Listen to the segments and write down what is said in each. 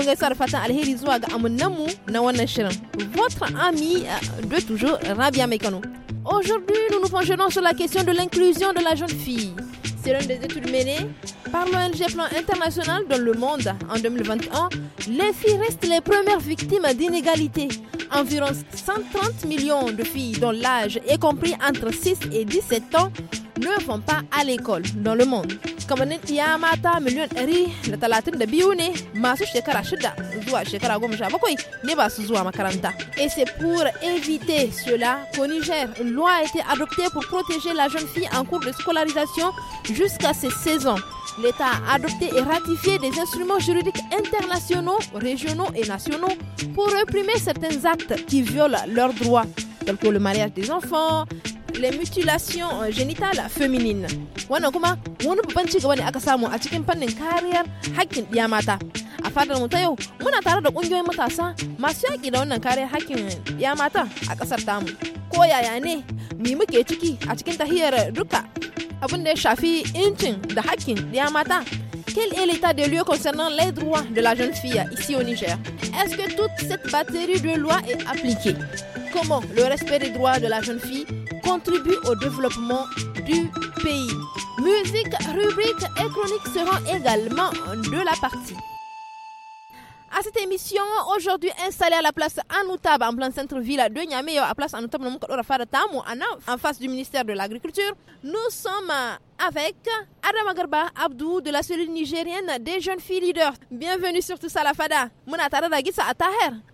Votre ami euh, de toujours Rabia Mekano. Aujourd'hui, nous nous penchons sur la question de l'inclusion de la jeune fille. C'est l'un des études menées par l'ONG Plan International dans le monde en 2021. Les filles restent les premières victimes d'inégalités. Environ 130 millions de filles dont l'âge est compris entre 6 et 17 ans ne vont pas à l'école dans le monde. masu ne Et c'est pour éviter cela qu'au Niger, une loi a été adoptée pour protéger la jeune fille en cours de scolarisation jusqu'à ses 16 ans. L'État a adopté et ratifié des instruments juridiques internationaux, régionaux et nationaux pour réprimer certains actes qui violent leurs droits, tels que le mariage des enfants, les mutilations euh, génitales féminines wannan kuma wani babban ci gaba ne aka samu a cikin fannin kariyar hakkin ɗiya mata a fadar mu ta yau muna tare da ƙungiyoyin matasa masu yaƙi da wannan kariyar hakkin ɗiya mata a ƙasar tamu ko yaya ne mi muke ciki a cikin tahiyar duka abin da ya shafi incin da hakkin ɗiya mata Quel est l'état des lieux concernant les droits de la jeune fille ici au Niger Est-ce que toute cette batterie de lois est appliquée Comment le respect des droits de la jeune fille contribue au développement du pays. Musique, rubrique et chroniques seront également de la partie. À cette émission, aujourd'hui installée à la place Anoutab, en plein centre-ville de Niamey, à place Anoutab, en face du ministère de l'Agriculture, nous sommes avec Adam Agarba Abdou de la cellule nigérienne des jeunes filles leaders. Bienvenue sur Tout ça la Fada.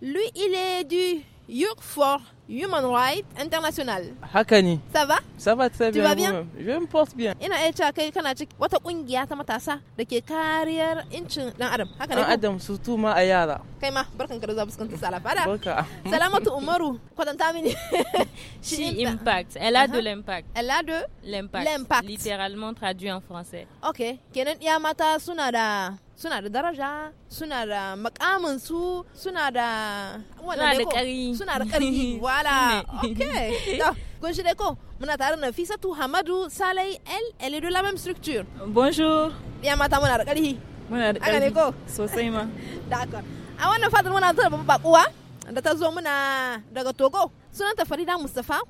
Lui, il est du Youth for Human Rights International. Haka ne. Ça va? Ça va très bien. Tu vas bien? Je me porte bien. Ina iya cewa kai kana cikin wata kungiya ta matasa da ke kariyar incin dan Adam. Haka ne? Dan Adam su ma a yara. Kai ma barkan ka da zuwa fuskantar fara. Barka. Salamatu Umaru kwatanta mini. Shi impact. Elle a de l'impact. Elle a de l'impact. L'impact. Littéralement traduit en français. ok Kenan iya mata suna da suna da daraja suna da makamin su suna da suna da ƙari suna da ƙari wala okay kun shi dai ko muna tare da Fisatu Hamadu Salai El elidu de structure bonjour ya mata muna da ƙarhi muna da kari ko sosai ma d'accord a wannan fadar muna tare da bakuwa da ta zo muna daga Togo sunanta Farida Mustafa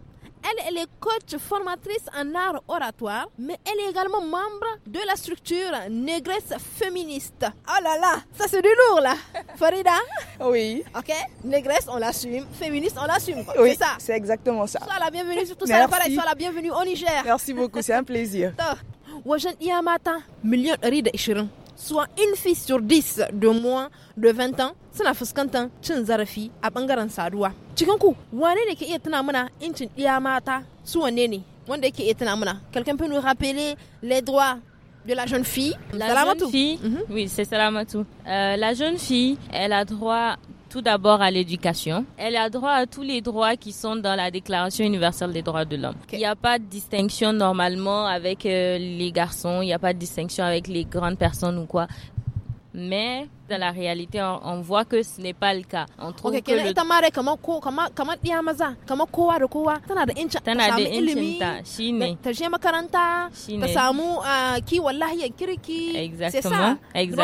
elle, est coach formatrice en art oratoire, mais elle est également membre de la structure Négresse féministe. Oh là là, ça c'est du lourd là. Farida Oui. Ok Négresse, on l'assume. Féministe, on l'assume. Oui, c'est ça. C'est exactement ça. Sois la bienvenue sur tout ça. sois la bienvenue au Niger. Merci beaucoup, c'est un plaisir. matin, Yamata, soit une fille sur dix de moins de 20 ans ça fuskantar tu zarafi a bangaren sa cikin Tu wane ne ke quelqu'un peut nous rappeler les droits de la jeune fille la mhm. euh, la jeune fille elle a droit tout d'abord à l'éducation. Elle a droit à tous les droits qui sont dans la Déclaration universelle des droits de l'homme. Il n'y a pas de distinction normalement avec euh, les garçons, il n'y a pas de distinction avec les grandes personnes ou quoi. Mais dans la réalité, on, voit que ce n'est pas le cas. On trouve okay, que le... maza,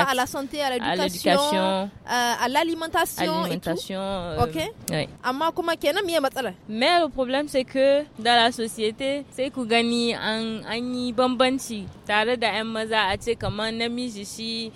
à la santé, à l'éducation, euh, à l'alimentation, euh, ok. Mais le problème c'est que dans la société, c'est ku gani an maza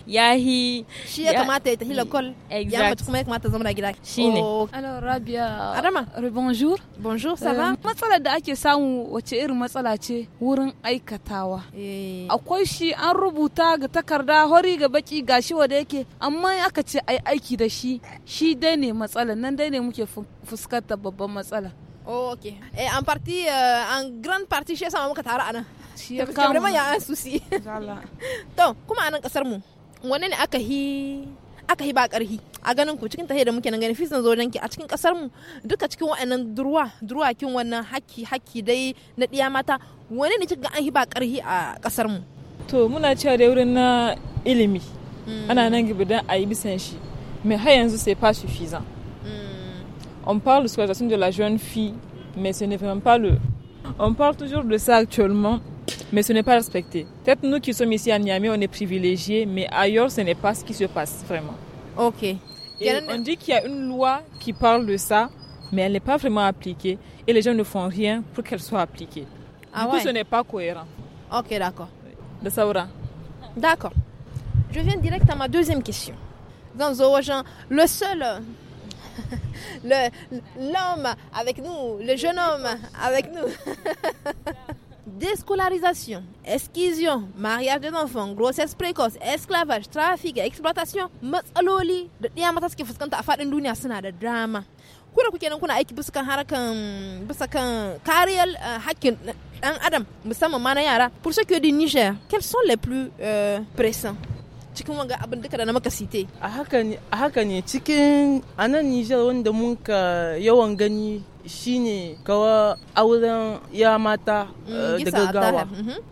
yahi ya kamata ya tafi lakol ya mace kuma ya kamata zama gida shine alors rabia arama bonjour bonjour ça va euh, matsalar da ake samu wace irin matsala ce wurin aikatawa eh. akwai shi an rubuta ga takarda hori ga baki gashi wanda yake amma aka ce ai aiki da shi shi dai ne matsala nan dai ne muke fuskantar babban matsala Oh, ok. Et eh, en partie, euh, en grande partie, shi ya samu muka tare a nan. Shi ya kawo. Vraiment, il y a un souci. Inshallah. To, kuma a nan kasar mu. wani ne aka hi aka hi ba karhi a ganin ku cikin tahiyar da muke nan gani fisan zojen a cikin kasar mu duka cikin wa'annan durwa durwa kin wannan haki haki dai na diya mata wani ne kika an hi ba karhi a kasar mu to muna cewa da wurin na ilimi mm. ana nan gibi dan a yi bisan shi mai har yanzu sai pas suffisant mm. on parle de scolarisation de la jeune fille mais ce n'est vraiment pas le on parle toujours de ça actuellement mais ce n'est pas respecté. Peut-être nous qui sommes ici à Niamey, on est privilégiés, mais ailleurs, ce n'est pas ce qui se passe vraiment. Ok. on dit qu'il y a une loi qui parle de ça, mais elle n'est pas vraiment appliquée et les gens ne font rien pour qu'elle soit appliquée. Ah ce n'est pas cohérent. Ok, d'accord. De Saoura. D'accord. Je viens direct à ma deuxième question. Dans Zorojan, le seul, l'homme avec nous, le jeune homme avec nous. déscolarisation, exclusion, mariage des enfants, grossesse précoce, esclavage, trafic, exploitation, matsaloli da ɗaya mata suke fuskanta a faɗin duniya suna da dama. Kuna kuke nan kuna aiki bisa kan harkan bisa kan kariyar euh, hakkin ɗan adam musamman ma na yara. Pour ceux qui du Niger, quels sont les plus euh, pressants? cikin wanga abin duka da na maka site. A haka ne cikin a nan Nijar wanda mun ka yawan gani shine kawa auren ya mata mm, eh, mm-hmm. da gaggawa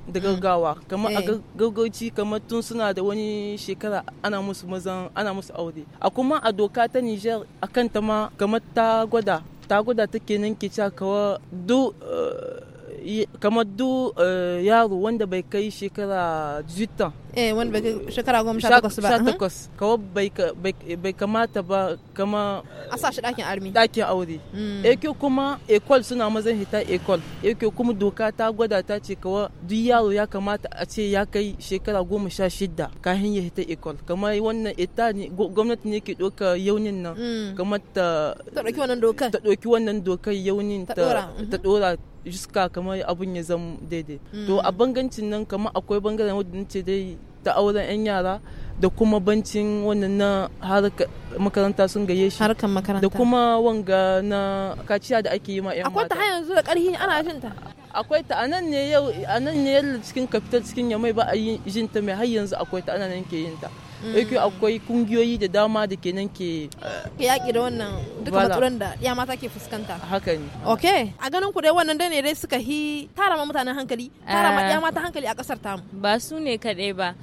da mm. gaggawa kamar a eh. gaggauci kamar tun suna da wani shekara ana musu mazan ana musu aure a kuma a doka ta Niger a ta ma kamar ta gwada ta gwada ta nan ke cewa kawa duk eh, kamar du eh, yaro wanda bai kai shekara 18 eh wanda bai kai shekara 18 ba 18 mhm. kawo bai kamata ba kama a sa shi dakin armi dakin aure mm. eke kuma ekol suna mazan hita ekol eke kuma doka ta gwada ta ce kawo duk yaro ya kamata a ce ya kai shekara 16 kahin ya hita ekol kamar wannan ita gwamnati ne ke doka yaunin nan mm. kamar ta ta dauki wannan dokar ta dauki wannan dokar yaunin ta dora iska kamar abun ya zama daidai hmm. to a bangancin nan kamar akwai bangaren wadda ce dai ta auren 'yan yara da kuma bancin wannan na harkar makaranta sun gaye shi harkar makaranta da kuma wanga na kaciya da ake yi ma 'yan mata akwai ta har yanzu da karhi ana jin ta akwai ta anan ne yau anan ne yalla cikin capital cikin yamai ba a yi jin ta mai har yanzu akwai ta anan ne ke yin ta yake mm. akwai kungiyoyi da dama da kenan ke yaƙi da wannan duka matsalolin da ya mata ke fuskanta haka ne ok a ganin ku dai wannan dane dai suka hi tara ma mutanen hankali tara ma eh. ya mata hankali a kasar tamu ba su ne kaɗai ba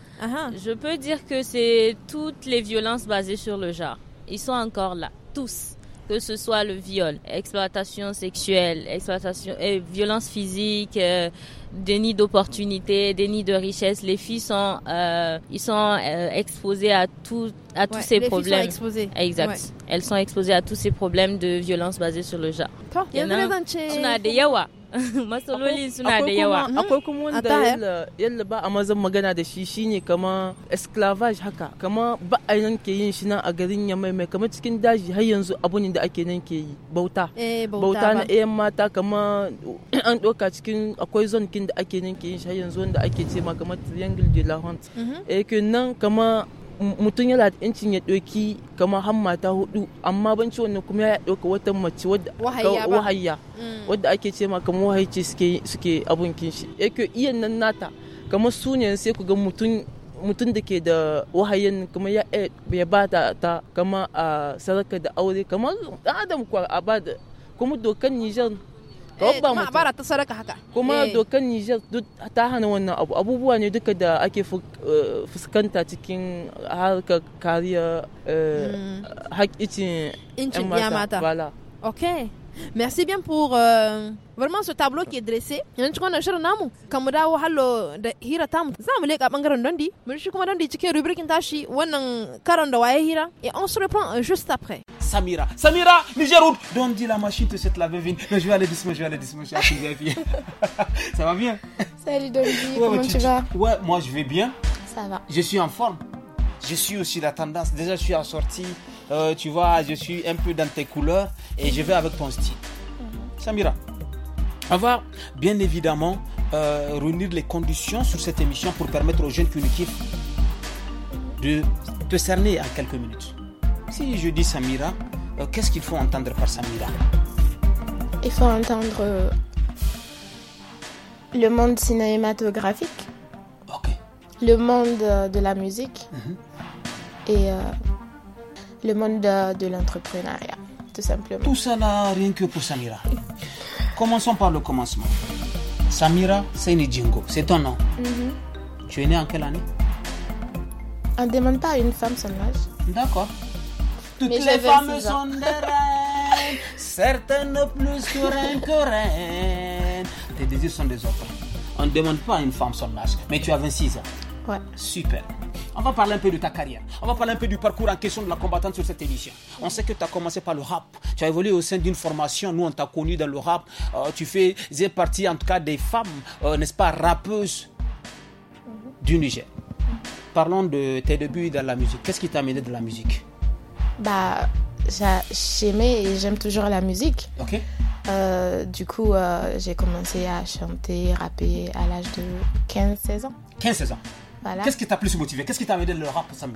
je peux dire que c'est toutes les violences basées sur le genre ils sont encore là tous que ce soit le viol, exploitation sexuelle, exploitation, et eh, violence physique, euh, déni d'opportunités, déni de richesses, Les filles sont, euh, ils sont euh, exposées à tout, à tous ces problèmes. Elles sont exposées. Exact. Elles sont exposées à tous ces problèmes de violence basée sur le genre. Il y en a. matsalolin suna da yawa akwai kuma wanda yalla ba a mazan magana da shi shine kama esclavage haka kama ba a yanke yin shi nan a garin ya mai kama cikin daji har yanzu abu ne da ake nan ke yi bauta eh, bauta na ayan mata kama an doka cikin akwai zonkin da ake nan ke yin shi har yanzu wanda ake ce ma kama triangle de la honte mhm. eh nan kama mutum yana da yancin ya ɗauki kamar ta hudu amma ban ci wannan kuma ya ɗauka wata mace wahayya mm. wadda ake ce ma kamar wahayci suke suke abun kinshi yake iya nan nata kamar su ne sai ku ga mutum mutum da ke da wahayin kuma ya ya ba ta ta kama a ah, sarka da aure kamar adam kwa a ba da kuma dokan Nijar babban eh, mutum bara ta sadaka haka kuma eh. dokar Niger duk ta hana wannan abu abubuwa ne duka da ake eh, fuskanta cikin harkar kariya mm. haƙƙicin 'yan mata okay. merci bien pour euh, vraiment ce tableau qui est dressé et on se reprend euh, juste après Samira Samira Dondi la machine te la je vais aller doucement je vais aller doucement bien ça va bien salut comment tu, vas moi je vais bien ça va je suis en forme je suis aussi la tendance déjà je suis en sortie euh, tu vois, je suis un peu dans tes couleurs et je vais avec ton style. Mhm. Samira, on va bien évidemment euh, réunir les conditions sur cette émission pour permettre aux jeunes qui de te cerner en quelques minutes. Si je dis Samira, euh, qu'est-ce qu'il faut entendre par Samira Il faut entendre le monde cinématographique, OK. le monde de la musique mhm. et le monde de l'entrepreneuriat, tout simplement. Tout ça n'a rien que pour Samira. Commençons par le commencement. Samira Senidjingo, c'est ton nom. Mhm. Tu es née en quelle année On ne demande pas à une femme son âge. D'accord. Toutes les femmes sont des reines, certaines plus que reines que reines. Tes désirs sont des autres. On ne demande pas à une femme son âge. Mais tu as 26 ans. Ouais. Super. On va parler un peu de ta carrière. On va parler un peu du parcours en question de la combattante sur cette émission. On sait que tu as commencé par le rap. Tu as évolué au sein d'une formation. Nous, on t'a connu dans le rap. Euh, tu faisais partie, en tout cas, des femmes, euh, n'est-ce pas, rappeuses mhm. du Niger. Parlons de tes débuts dans la musique. Qu'est-ce qui t'a amené de la musique Bah, j'aimais et j'aime toujours la musique. Ok. Euh, du coup, j'ai commencé à chanter, rapper à l'âge de 15-16 ans. 15-16 ans Qu'est-ce qui t'a plus motivé Qu'est-ce qui t'a amené le rap, Samy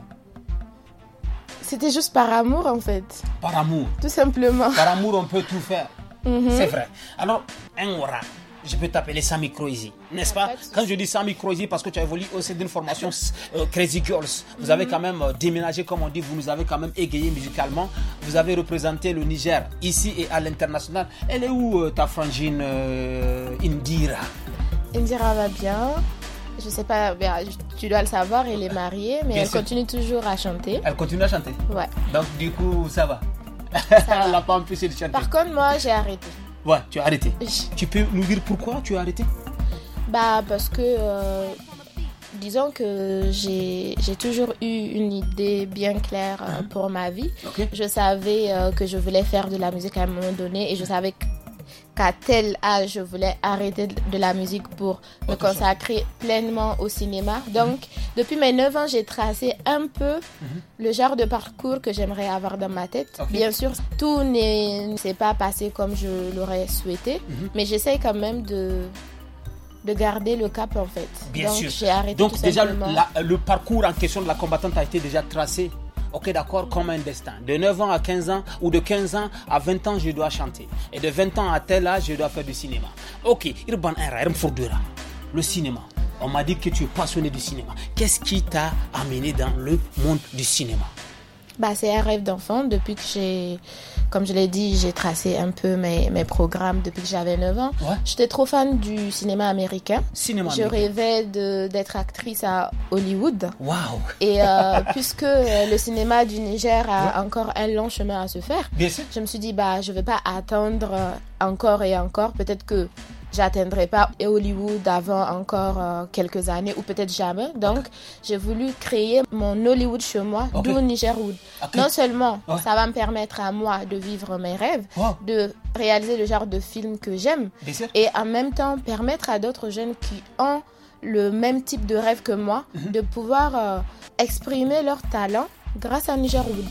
C'était juste par amour, en fait. Par amour Tout simplement. Par amour, on peut tout faire. Mhm. C'est vrai. Alors, un rap je peux t'appeler Sammy Croisi, n'est-ce pas Quand je dis Sammy Croisi, parce que tu as évolué aussi d'une formation mhm. euh, Crazy Girls, vous avez mhm. quand même euh, déménagé, comme on dit, vous nous avez quand même égayé musicalement, vous avez représenté le Niger ici et à l'international. Elle est où euh, ta frangine Indira Indira va bien, je sais pas, ben, tu dois le savoir, elle est mariée, mais elle continue toujours à chanter. Elle continue à chanter Ouais. Donc, du coup, ça va. elle n'a pas empêché de chanter. Par contre, moi, j'ai arrêté. Ouais, tu as arrêté. tu peux nous dire pourquoi tu as arrêté Bah, parce que. Euh, disons que j'ai toujours eu une idée bien claire euh, mhm. pour ma vie. Je savais euh, que je voulais faire de la musique à un moment donné et je savais que qu'à tel âge, je voulais arrêter de la musique pour me consacrer pleinement au cinéma. Donc, depuis mes 9 ans, j'ai tracé un peu mhm. le genre de parcours que j'aimerais avoir dans ma tête. Bien sûr, tout ne s'est pas passé comme je l'aurais souhaité, mhm. mais j'essaye quand même de de garder le cap en fait. Bien Donc, sûr. Arrêté Donc déjà le parcours en question de la combattante a été déjà tracé Ok, d'accord, comme un destin. De 9 ans à 15 ans ou de 15 ans à 20 ans, je dois chanter. Et de 20 ans à tel âge, je dois faire du cinéma. Ok, Irban le cinéma. On m'a dit que tu es passionné du cinéma. Qu'est-ce qui t'a amené dans le monde du cinéma bah, c'est un rêve d'enfant. Depuis que j'ai, comme je l'ai dit, j'ai tracé un peu mes, mes programmes depuis que j'avais 9 ans. J'étais trop fan du cinéma américain. Cinéma je rêvais rêvais d'être actrice à Hollywood. Wow. Et euh, puisque euh, le cinéma du Niger a encore un long chemin à se faire, Bien je me suis dit, bah, je ne vais pas attendre euh, encore et encore. Peut-être que j'atteindrai pas Hollywood avant encore euh, quelques années ou peut-être jamais. Donc, j'ai voulu créer mon Hollywood chez moi, d'où Nigerwood. Non seulement ça va me permettre à moi de vivre mes rêves, oh. de réaliser le genre de film que j'aime, et en même temps permettre à d'autres jeunes qui ont le même type de rêve que moi mhm. de pouvoir euh, exprimer leur talent grâce à Nigerwood,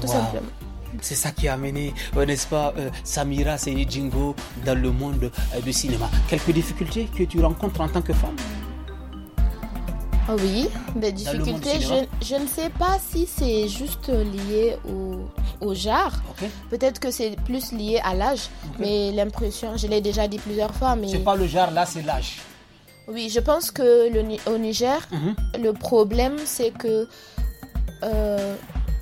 tout simplement. C'est ça qui a amené, euh, n'est-ce pas, euh, Samira Jingo dans le monde euh, du cinéma. Quelques difficultés que tu rencontres en tant que femme ah oui, ben, des difficultés, je, ne sais pas si c'est juste lié au, au genre. Peut-être que c'est plus lié à l'âge, mais l'impression, je l'ai déjà dit plusieurs fois. Mais... C'est pas le genre, là, c'est l'âge. Oui, je pense que au Niger, mhm. le problème, c'est que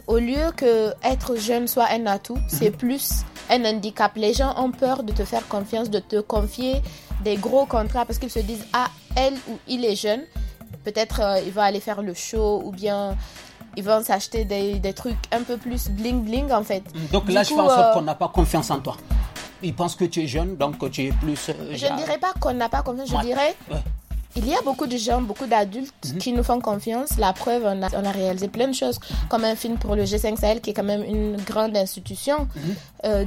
au lieu que être jeune soit un atout, mhm. c'est plus un handicap. Les gens ont peur de te faire confiance, de te confier des gros contrats parce qu'ils se disent ah elle ou il est jeune, peut-être euh, il va aller faire le show ou bien ils vont s'acheter des, trucs un peu plus bling bling en fait. Donc là, je pense euh, qu'on n'a pas confiance en toi. Ils pensent que tu es jeune, donc que tu es plus. Euh, je ne dirais pas qu'on n'a pas confiance, je dirais il y a beaucoup de gens, beaucoup d'adultes mhm. qui nous font confiance. La preuve, on a, réalisé plein de choses, comme un film pour le G5 Sahel, qui est quand même une grande institution. Mm euh,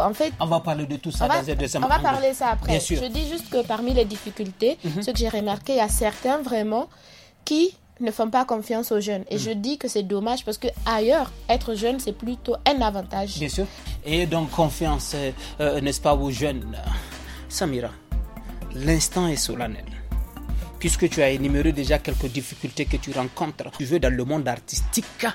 en fait. On va parler de tout ça dans dans deux semaines. On va parler ça après. Je dis juste que parmi les difficultés, mhm. ce que j'ai remarqué, il y a certains vraiment qui ne font pas confiance aux jeunes. Et mhm. je dis que c'est dommage parce que ailleurs, être jeune, c'est plutôt un avantage. Bien sûr. Et donc confiance, euh, euh, n'est-ce pas, aux jeunes. Euh, Samira, l'instant est solennel. Puisque tu as énuméré déjà quelques difficultés que tu rencontres, tu veux dans le monde artistique,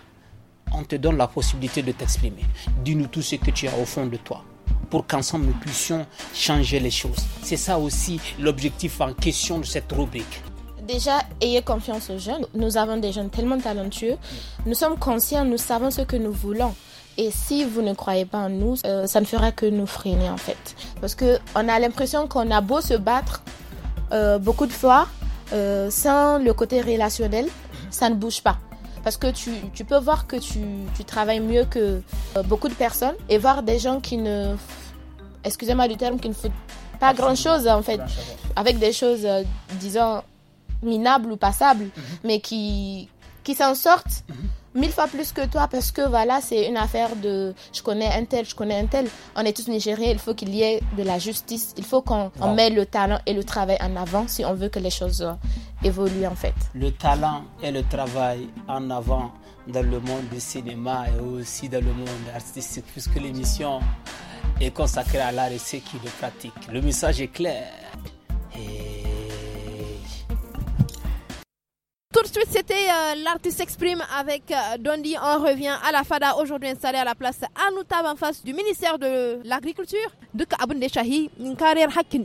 on te donne la possibilité de t'exprimer. Dis-nous tout ce que tu as au fond de toi pour qu'ensemble nous puissions changer les choses. C'est ça aussi l'objectif en question de cette rubrique. Déjà, ayez confiance aux jeunes. Nous avons des jeunes tellement talentueux. Nous sommes conscients, nous savons ce que nous voulons. Et si vous ne croyez pas en nous, euh, ça ne fera que nous freiner en fait. Parce qu'on a l'impression qu'on a beau se battre euh, beaucoup de fois, euh, sans le côté relationnel, ça ne bouge pas. Parce que tu, tu peux voir que tu, tu travailles mieux que euh, beaucoup de personnes et voir des gens qui ne... Excusez-moi du terme, qui ne foutent pas grand-chose en fait. Avec des choses, euh, disons, minables ou passables, mhm. mais qui, qui s'en sortent. Mhm mille fois plus que toi parce que voilà, c'est une affaire de je connais un tel, je connais un tel. On est tous Nigériens, il faut qu'il y ait de la justice, il faut qu'on mette le talent et le travail en avant si on veut que les choses euh, évoluent en fait. Le talent et le travail en avant dans le monde du cinéma et aussi dans le monde artistique puisque l'émission est consacrée à l'art et ceux qui le pratiquent. Le message est clair. Et Tout de suite, c'était euh, l'artiste s'exprime avec euh, Dondi. On revient à la FADA, aujourd'hui installée à la place Anoutab en face du ministère de l'Agriculture. Duk abin da shahi, in kariyar hakkin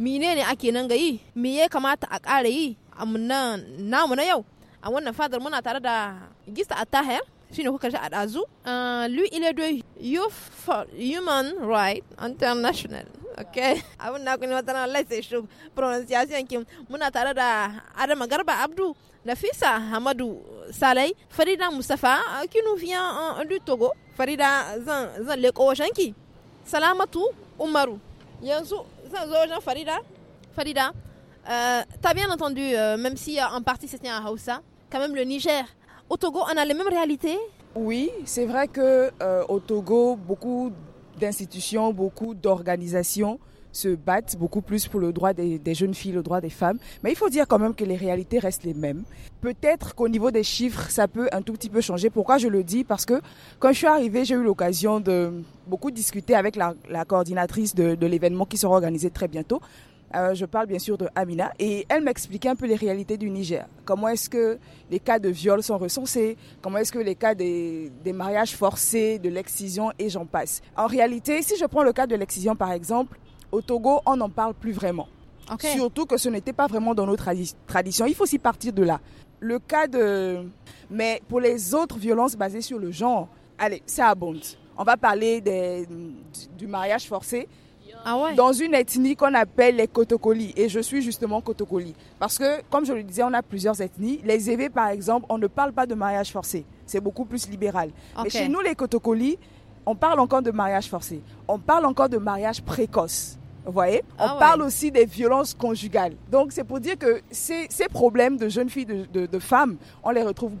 Mine ne ake nan gayi? Me kamata a ƙara yi? Amunan namu na yau. A wannan fadar muna tare da Gista Attaher, shine kuka a ɗazu. Euh, lui, il est de Youth for Human Rights International ok abin da kuni wata wallahi sai shi pronunciation kin muna tare da Adama Garba Abdu Nafisa Hamadu Salai Farida Mustafa qui nous vient du Togo Farida zan zan leko washanki Salamatu Umaru yanzu zan zo wajen Farida Farida euh, t'as bien entendu euh, même si euh, en partie c'était à Hausa quand même le Niger au Togo on a les mêmes réalités oui, c'est vrai que euh, au Togo, beaucoup d'institutions, beaucoup d'organisations se battent beaucoup plus pour le droit des, jeunes filles, le droit des femmes. Mais il faut dire quand même que les réalités restent les mêmes. Peut-être qu'au niveau des chiffres, ça peut un tout petit peu changer. Pourquoi je le dis Parce que quand je suis arrivée, j'ai eu l'occasion de beaucoup discuter avec la, coordinatrice de l'événement qui sera organisé très bientôt, euh, je parle bien sûr de Amina, et elle m'expliquait un peu les réalités du Niger. Comment est-ce que les cas de viol sont recensés Comment est-ce que les cas des, mariages forcés, de l'excision et j'en passe En réalité, si je prends le cas de l'excision par exemple, au Togo, on n'en parle plus vraiment. Surtout que ce n'était pas vraiment dans nos traditions. Il faut s'y partir de là. Le cas de... Mais pour les autres violences basées sur le genre, allez, ça abonde. On va parler des, du mariage forcé ah dans une ethnie qu'on appelle les Cotocolis. Et je suis justement Kotokoli. Parce que, comme je le disais, on a plusieurs ethnies. Les Évés, par exemple, on ne parle pas de mariage forcé. C'est beaucoup plus libéral. Mais chez nous, les Kotokoli, on parle encore de mariage forcé. On parle encore de mariage précoce. Vous voyez On ah parle aussi des violences conjugales. Donc, c'est pour dire que ces, ces, problèmes de jeunes filles, de, femmes, on les retrouve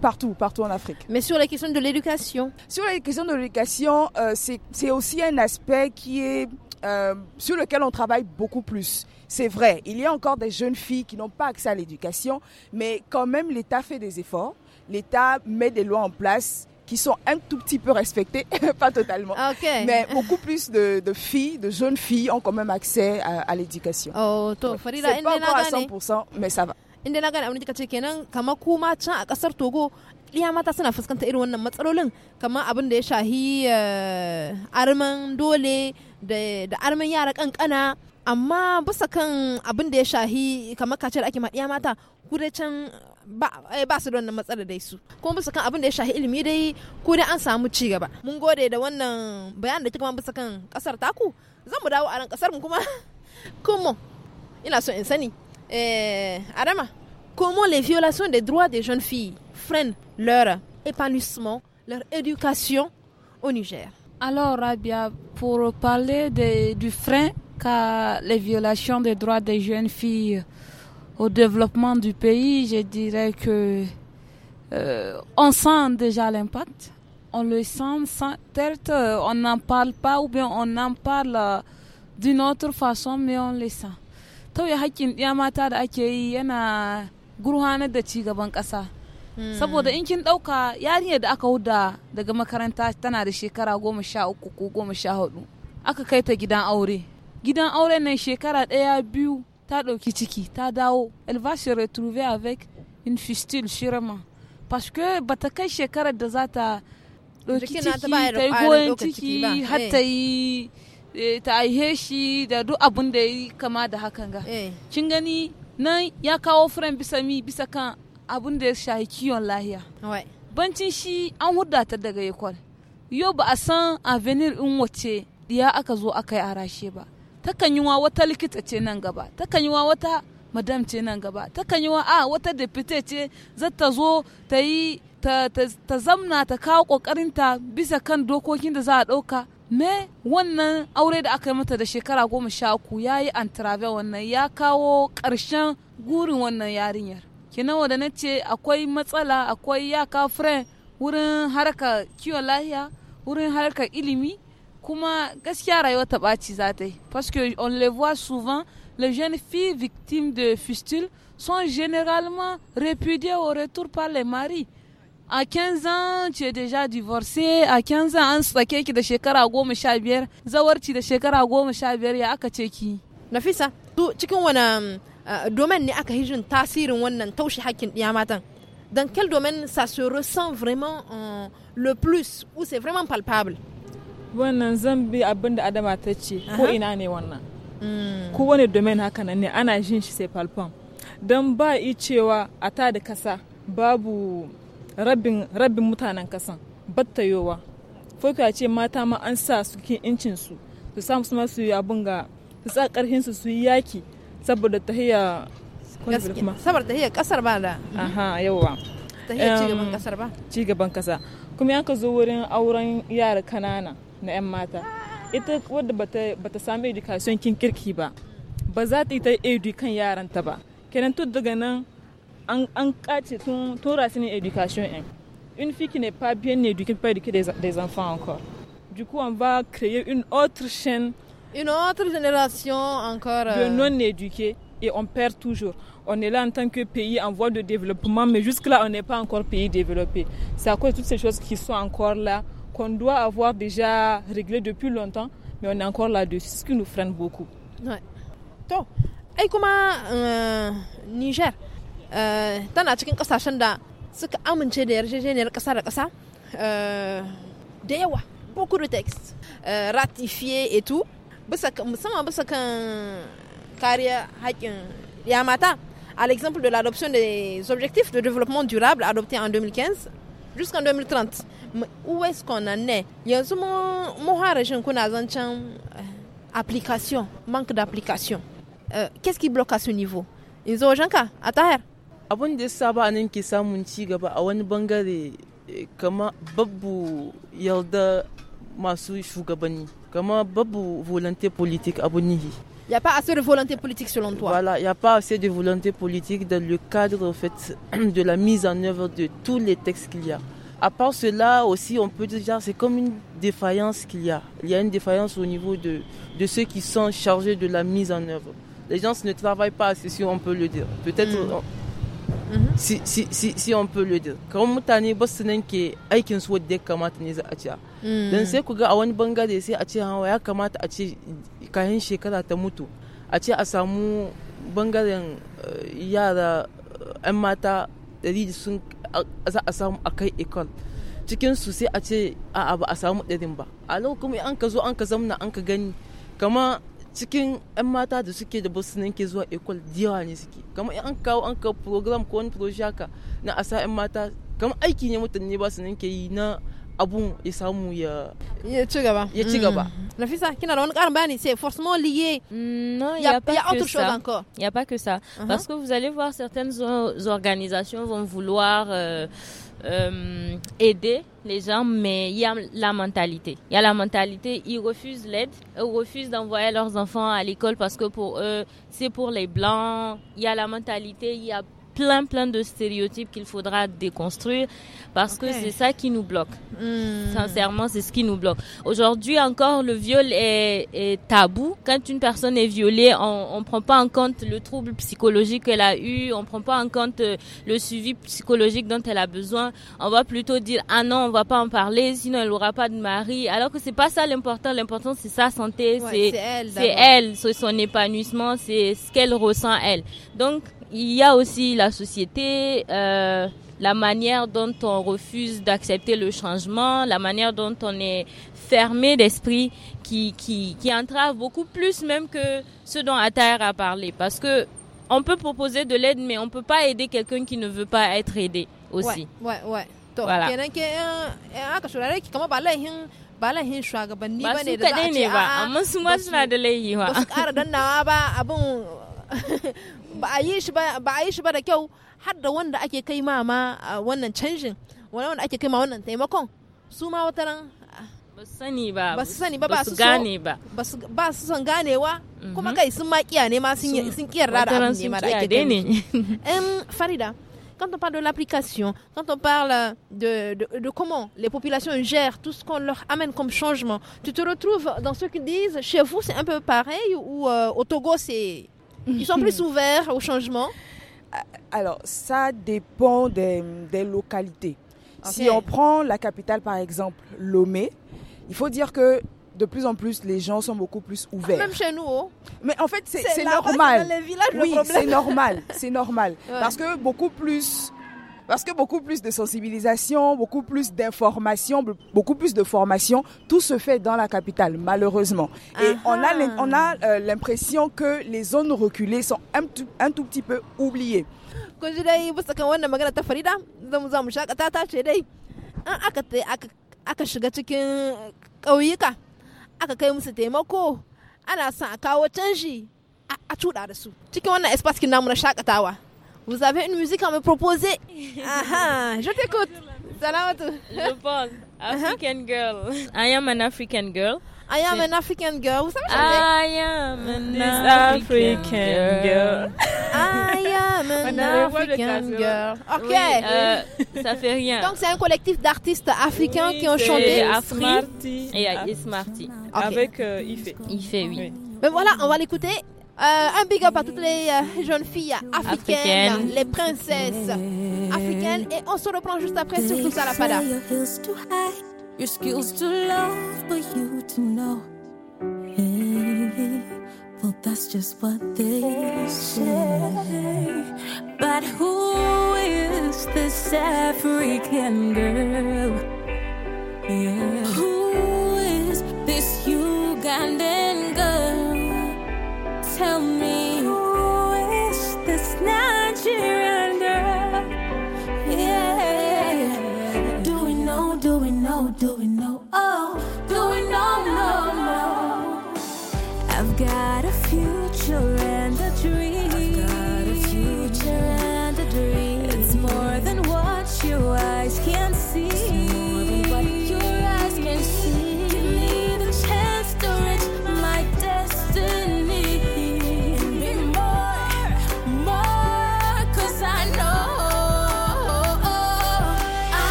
partout, partout en Afrique. Mais sur la question de l'éducation Sur la question de l'éducation, euh, c'est aussi un aspect qui est euh, sur lequel on travaille beaucoup plus. C'est vrai, il y a encore des jeunes filles qui n'ont pas accès à l'éducation, mais quand même l'État fait des efforts, l'État met des lois en place qui sont un tout petit peu respectées, pas totalement. Mais beaucoup plus de, filles, de jeunes filles ont quand même accès à, l'éducation. Oh, C'est pas encore à 100%, mais ça va. iya mata suna fuskanta irin wannan matsalolin kamar abin da ya shahi eh, arman dole da arman yara kankana amma bisa kan abin da ya shahi kamar kacar ake ma iya mata kudancin eh, ba su da wannan matsala dai su kuma bisa kan abin da ya shahi ilimi dai ku dai an samu ci gaba mun gode da wannan bayan da kika bisa kan kasar taku zan mu dawo a ran kasar mu kuma kuma ina so in sani eh adama le les son de droit des jeunes filles leur épanouissement, leur éducation au Niger. Alors, Rabia, pour parler du frein qu'a les violations des droits des jeunes filles au développement du pays, je dirais que euh, on sent déjà l'impact. On le sent, sans, peut on n'en parle pas ou bien on en parle euh, d'une autre façon, mais on le sent. saboda in kin ɗauka yarinyar da aka huda daga makaranta tana da shekara goma sha uku ko goma sha hudu aka kai ta gidan aure gidan aure nan shekara ɗaya biyu ta ɗauki ciki ta dawo elle va se retrouver avec une fistule shirama parce ba ta kai shekarar da za ta ɗauki ciki ta yi goyon ciki har eh. ta yi eh, ta aihe shi da duk abun da ya kama da hakan ga eh. kin gani nan ya kawo furen bisa mi bisa kan Abin da ya shahi kiwon lahiya bancin shi an hudata daga ekol yau ba a san avenir in wace ya aka zo aka yi arashe ba takan yi wa wata likita ce nan gaba takan yi wa wata madam ce nan gaba takan yi wa a wata depute ce zata zo ta yi ta, ta, zamna ta kawo kokarinta bisa kan dokokin da za a ɗauka me wannan aure da aka yi mata da shekara goma sha uku ya yi antravel wannan ya kawo ƙarshen gurin wannan yarinyar parce que on le voit souvent les jeunes filles victimes de fustules sont généralement répudiées au retour par les maris À 15 ans tu es déjà divorcé À 15 ans an sake da shekara goma zawarci shekara ya aka ce ki nafisa cikin wani domaine ne aka hijin tasirin wannan taushe hakkin ɗiya matan don quel domaine ça se ressent vraiment euh, le plus ou c'est vraiment palpable wannan zan bi abin da adama ta ce ko ina ne wannan hmm. ko wani domain haka nan ne ana jin shi sai palpam don ba i cewa a ta da kasa babu rabin rabin mutanen kasan battayowa foka ce mata ma an sa su kin incin su samu su ma su yi abin ga su sa karhin su yi yaki saboda tahiya saboda tahiya kasar ba da aha yawa ci cigaban kasar ba cigaban kasa kuma yanka zo wurin auren yara kanana na 'yan mata ita wadda bata sami education kin kirki ba ba za ta yi ta edu kan yaranta ba kenan tun daga nan an kace tun rasinin education in une fille qui n'est pas bien éduquée peut éduquer des, des enfants encore. Du coup, on va créer une autre chaîne une autre génération encore. De euh, non éduqués et on perd toujours. On est là en tant que pays en voie de développement, mais jusque-là, on n'est pas encore pays développé. C'est à cause de toutes ces choses qui sont encore là, qu'on doit avoir déjà réglé depuis longtemps, mais on est encore là-dessus, ce qui nous freine beaucoup. Ouais. Donc, comment euh, Niger euh, tana kasashen beaucoup de textes ratifiés et tout musamman bisa kan kariya haƙƙin ya mata à l'exemple de l'adoption des objectifs de développement durable adoptés en 2015 jusqu'en 2030 où est-ce qu'on en est Il y a une kuna euh, application manque d'application euh, qu'est-ce qui bloque à ce niveau Ils ont a tahir à da saba a volonté politique il n'y a pas assez de volonté politique selon toi Voilà, il n'y a pas assez de volonté politique dans le cadre fait, de la mise en œuvre de tous les textes qu'il y a. À part cela aussi, on peut dire c'est comme une défaillance qu'il y a. Il y a une défaillance au niveau de, de ceux qui sont chargés de la mise en œuvre. Les gens ne travaillent pas assez, si on peut le dire. Peut-être mm. mm-hmm. si, on peut le dire. Comme Mm. don sai ku ga a wani bangare sai a ce hawa ya kamata a ce kayan shekara ta mutu a ce a samu bangaren eh, yara 'yan eh, mata 100 sun za a samu a kai ikon cikin su sai a ce a ba a samu ɗarin ba a lokacin an ka zo an ka zamna an ka gani kama cikin 'yan mata da suke da basu ke zuwa ekol diyawa ne suke kama an kawo an ka program ko wani proje haka na sa 'yan mata kama aiki ne mutane ba su ke yi na abun ya ya ya mm. kina c'est forcément lié mm, non il y a, pas y a autre chose encore il y a pas que ça uh-huh. parce que vous allez voir certaines organisations vont vouloir euh, euh, aider les gens, mais il y a la mentalité. Il y a la mentalité, ils refusent l'aide, ils refusent d'envoyer leurs enfants à l'école parce que pour eux, c'est pour les blancs. Il y a la mentalité, il y a plein, plein de stéréotypes qu'il faudra déconstruire parce que c'est ça qui nous bloque. Hmm. Sincèrement, c'est ce qui nous bloque. Aujourd'hui encore, le viol est, tabou. Quand une personne est violée, on ne prend pas en compte le trouble psychologique qu'elle a eu, on ne prend pas en compte euh, le suivi psychologique dont elle a besoin. On va plutôt dire, ah non, on va pas en parler, sinon elle n'aura pas de mari. Alors que c'est pas ça l'important. L'important, c'est sa santé, c'est elle, c'est son épanouissement, c'est ce qu'elle ressent elle. Donc, il y a aussi la société, euh, la manière dont on refuse d'accepter le changement, la manière dont on est fermé d'esprit qui, qui, qui entrave beaucoup plus même que ce dont Attaire a parlé. Parce que on peut proposer de l'aide, mais on peut pas aider quelqu'un qui ne veut pas être aidé aussi. Ouais, ouais, ouais. Donc, voilà. a lahin shugabanni ba ne da za a ce ba amma su ma suna da laihi ba su kara dannawa ba abun ba a yi shi ba a yi shi ba da kyau har da wanda ake kai ma ma wannan canjin wanda wanda ake kai ma wannan taimakon su ma wata ran ba su sani ba ba su sani ba ba su gane ba ba su son ganewa mhm. kuma kai sun ma kiya ne ma sun sun kiyar da abin ne ma da ake kai um Farida quand on parle de l'application, quand on parle de, de, de, comment les populations gèrent tout ce qu'on leur amène comme changement, tu te retrouves dans ce qu'ils disent, chez vous c'est un peu pareil ou euh, au Togo c'est ils sont plus ouverts au changement Alors, ça dépend des, localités. Si on prend la capitale, par exemple, Lomé, il faut dire que de plus en plus, les gens sont beaucoup plus ah, ouverts. Même chez nous. Oh. Mais en fait, c'est normal. Dans les villages, oui, c'est normal. C'est normal. Parce que beaucoup plus parce que beaucoup plus de sensibilisation, beaucoup plus d'informations, beaucoup plus de formation, tout se fait dans la capitale, malheureusement. Et on a, on a euh, l'impression que les zones reculées sont un, un tout petit peu oubliées. Vous avez une musique à me proposer ah, ah, Je t'écoute. Salamatu. Je pense. African girl. I am an African girl. I am an African girl. Vous savez I am an African, girl. I am an African girl. Ok. Oui, euh, ça fait rien. Donc c'est un collectif d'artistes africains qui ont chanté Afri et Ismarty. Okay. Avec euh, Ife. Ife, oui. oui. Mais voilà, on va l'écouter. Euh, un big up à toutes les euh, jeunes filles africaines, Africaine. les princesses africaines. Et on se reprend juste après sur tout ça la pada. Your skills to love, but you to know. Hey, well, that's just what they say. But who is this African girl? Yeah. Who is this Ugandan? tell me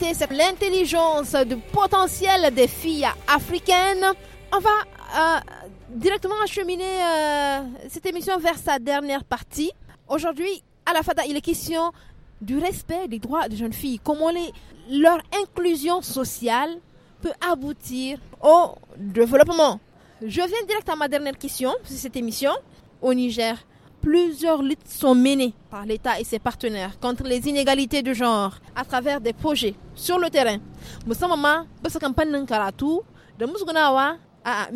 c'est l'intelligence du potentiel des filles africaines. On va euh, directement acheminer euh, cette émission vers sa dernière partie. Aujourd'hui, à la FADA, il est question du respect des droits des jeunes filles, comment leur inclusion sociale peut aboutir au développement. Je viens direct à ma dernière question sur cette émission. Au Niger, plusieurs luttes sont menées par l'État et ses partenaires contre les inégalités de genre à travers des projets sur le terrain. Nous sommes en karatu da musgunawa a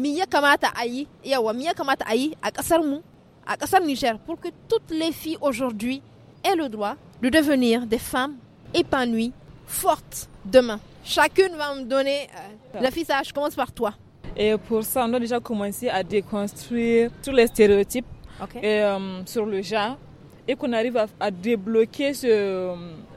Niger pour que toutes les filles aujourd'hui aient le droit de devenir des femmes épanouies, fortes demain. Chacune va me donner euh, la fille, je commence par toi. Et pour ça, on a déjà commencé à déconstruire tous les stéréotypes euh, sur le genre et qu'on arrive à, débloquer ce.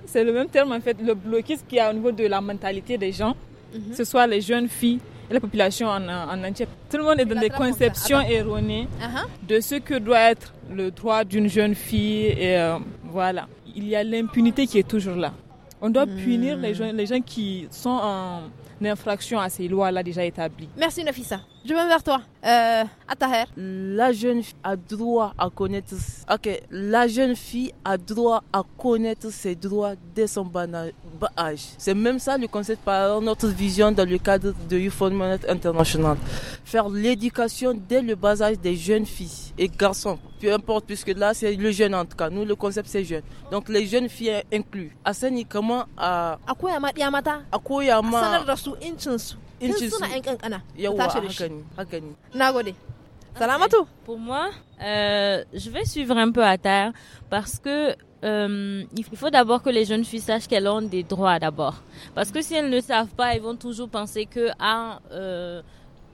C'est le même terme en fait, le blocage qu'il y a au niveau de la mentalité des gens, que mhm. ce soit les jeunes filles et la population en, en entier. Tout le monde est dans des conceptions ah erronées ah ah. de ce que doit être le droit d'une jeune fille et euh, voilà. Il y a l'impunité qui est toujours là. On doit hmm. punir les gens, les gens qui sont en infraction à ces lois-là déjà établies. Merci Nafissa. Je vais vers toi. Euh, à ta La jeune fille a droit à connaître. Ok, la jeune fille a droit à connaître ses droits dès son bas âge. C'est même ça le concept par notre vision dans le cadre de Youth International. Faire l'éducation dès le bas âge des jeunes filles et garçons. Peu importe, puisque là c'est le jeune en tout cas. Nous le concept c'est jeune. Donc les jeunes filles inclus. Asani comment à. À quoi yamata? À quoi pour moi, euh, je vais suivre un peu à terre parce que euh, il faut d'abord que les jeunes filles sachent qu'elles ont des droits d'abord. Parce que si elles ne savent pas, elles vont toujours penser que ah, euh,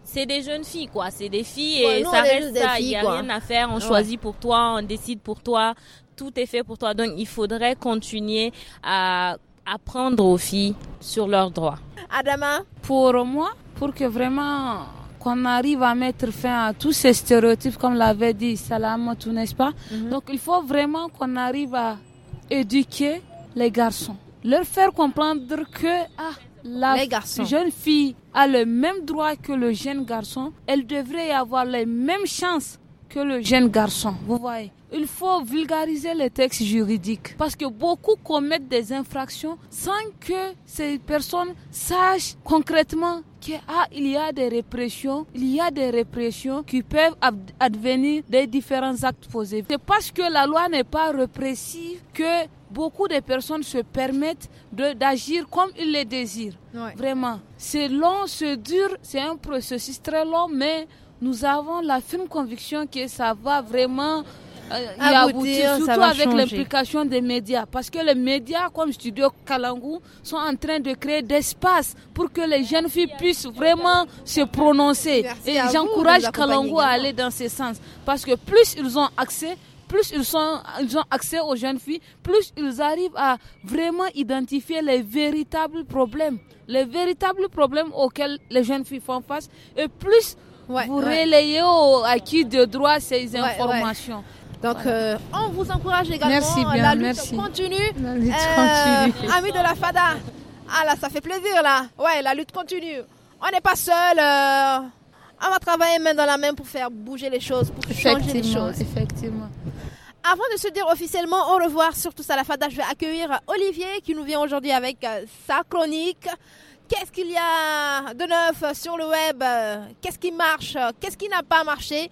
c'est des jeunes filles, quoi. C'est des filles et ça reste ça. Il n'y a rien à faire. On choisit pour toi, on décide pour toi. Tout est fait pour toi. Donc, il faudrait continuer à apprendre aux filles sur leurs droits. Adama Pour moi, pour que vraiment qu'on arrive à mettre fin à tous ces stéréotypes, comme l'avait dit Salamatou, n'est-ce pas mhm. Donc il faut vraiment qu'on arrive à éduquer les garçons, leur faire comprendre que ah, la jeune fille a le même droit que le jeune garçon, elle devrait avoir les mêmes chances que le jeune garçon. Vous voyez, il faut vulgariser les textes juridiques parce que beaucoup commettent des infractions sans que ces personnes sachent concrètement qu'il ah, y a des répressions, il y a des répressions qui peuvent advenir des différents actes posés. C'est parce que la loi n'est pas répressive que beaucoup de personnes se permettent d'agir comme ils le désirent. Vraiment, c'est long, c'est dur, c'est un processus très long, mais nous avons la ferme conviction que ça va vraiment euh, y aboutir, surtout avec l'implication des médias. Parce que les médias, comme Studio Kalangu, sont en train de créer d'espace pour que les jeunes filles puissent vraiment se prononcer. Et j'encourage Kalangu à aller dans ce sens. Parce que plus ils ont accès, plus ils, sont, ils ont accès aux jeunes filles, plus ils arrivent à vraiment identifier les véritables problèmes, les véritables problèmes auxquels les jeunes filles font face, et plus ouais, vous relayez acquis de droit ces informations. Donc, euh, on vous encourage également. Merci la lutte continue. La lutte euh, continue. amis de la FADA. Ah là, ça fait plaisir là. Ouais, la lutte continue. On n'est pas seul. Euh, on va travailler main dans la main pour faire bouger les choses, pour changer les choses. Effectivement. Avant de se dire officiellement au revoir, surtout ça la FADA, je vais accueillir Olivier qui nous vient aujourd'hui avec sa chronique. Qu'est-ce qu'il y a de neuf sur le web Qu'est-ce qui marche Qu'est-ce qui n'a pas marché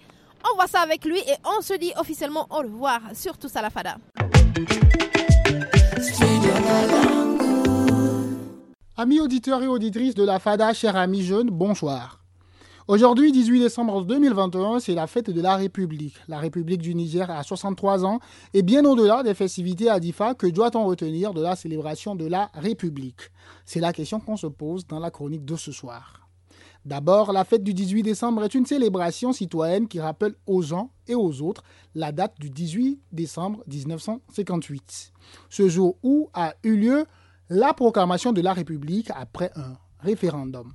On voit ça avec lui et on se dit officiellement au revoir sur Tous à la Fada. Amis auditeurs et auditrices de la Fada, chers amis jeunes, bonsoir. Aujourd'hui, 18 décembre 2021, c'est la fête de la République. La République du Niger a 63 ans et bien au-delà des festivités à Difa, que doit-on retenir de la célébration de la République C'est la question qu'on se pose dans la chronique de ce soir. D'abord, la fête du 18 décembre est une célébration citoyenne qui rappelle aux gens et aux autres la date du 18 décembre 1958. Ce jour où a eu lieu la proclamation de la République après un référendum.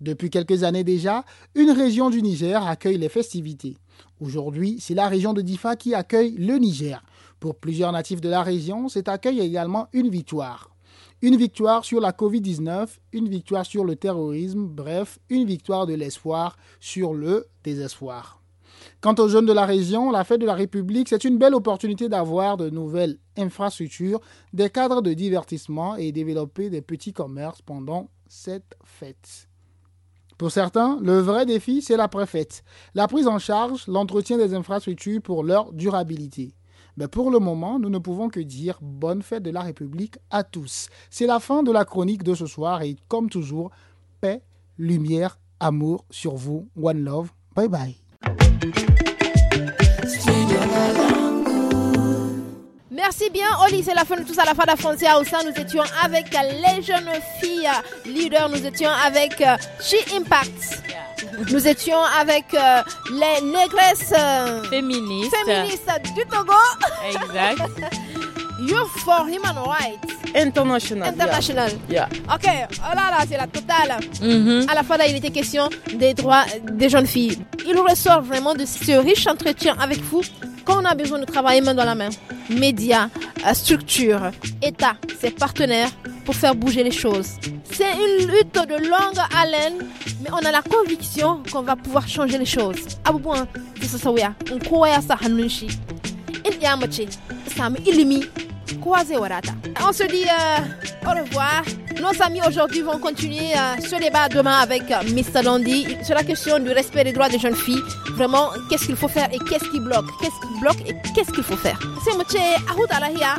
Depuis quelques années déjà, une région du Niger accueille les festivités. Aujourd'hui, c'est la région de Difa qui accueille le Niger. Pour plusieurs natifs de la région, cet accueil est également une victoire. Une victoire sur la Covid-19, une victoire sur le terrorisme, bref, une victoire de l'espoir sur le désespoir. Quant aux jeunes de la région, la fête de la République, c'est une belle opportunité d'avoir de nouvelles infrastructures, des cadres de divertissement et développer des petits commerces pendant cette fête. Pour certains, le vrai défi, c'est la préfète. La prise en charge, l'entretien des infrastructures pour leur durabilité. Mais pour le moment, nous ne pouvons que dire bonne fête de la République à tous. C'est la fin de la chronique de ce soir et comme toujours, paix, lumière, amour sur vous. One love. Bye bye. Merci bien, Oli. C'est la fin de tout ça, la fin de la frontière. Au sein, nous étions avec les jeunes filles leaders. Nous étions avec euh, She Impact. Nous étions avec euh, les négresses euh, féministes. du Togo. Exact. You for human rights. International. International. Ok, oh là là, c'est la totale. Mm-hmm. À la fin, il était question des droits des jeunes filles. Il ressort vraiment de ce riche entretien avec vous quand on a besoin de travailler main dans la main, médias, euh, structures, État, ses partenaires, pour faire bouger les choses. C'est une lutte de longue haleine, mais on a la conviction qu'on va pouvoir changer les choses. c'est ça, ça, on se dit euh, au revoir. Nos amis aujourd'hui vont continuer euh, ce débat demain avec Mr. Landy sur la question du respect des droits des jeunes filles. Vraiment, qu'est-ce qu'il faut faire et qu'est-ce qui bloque Qu'est-ce qui bloque et qu'est-ce qu'il faut faire C'est Moche Ahoud Alahia,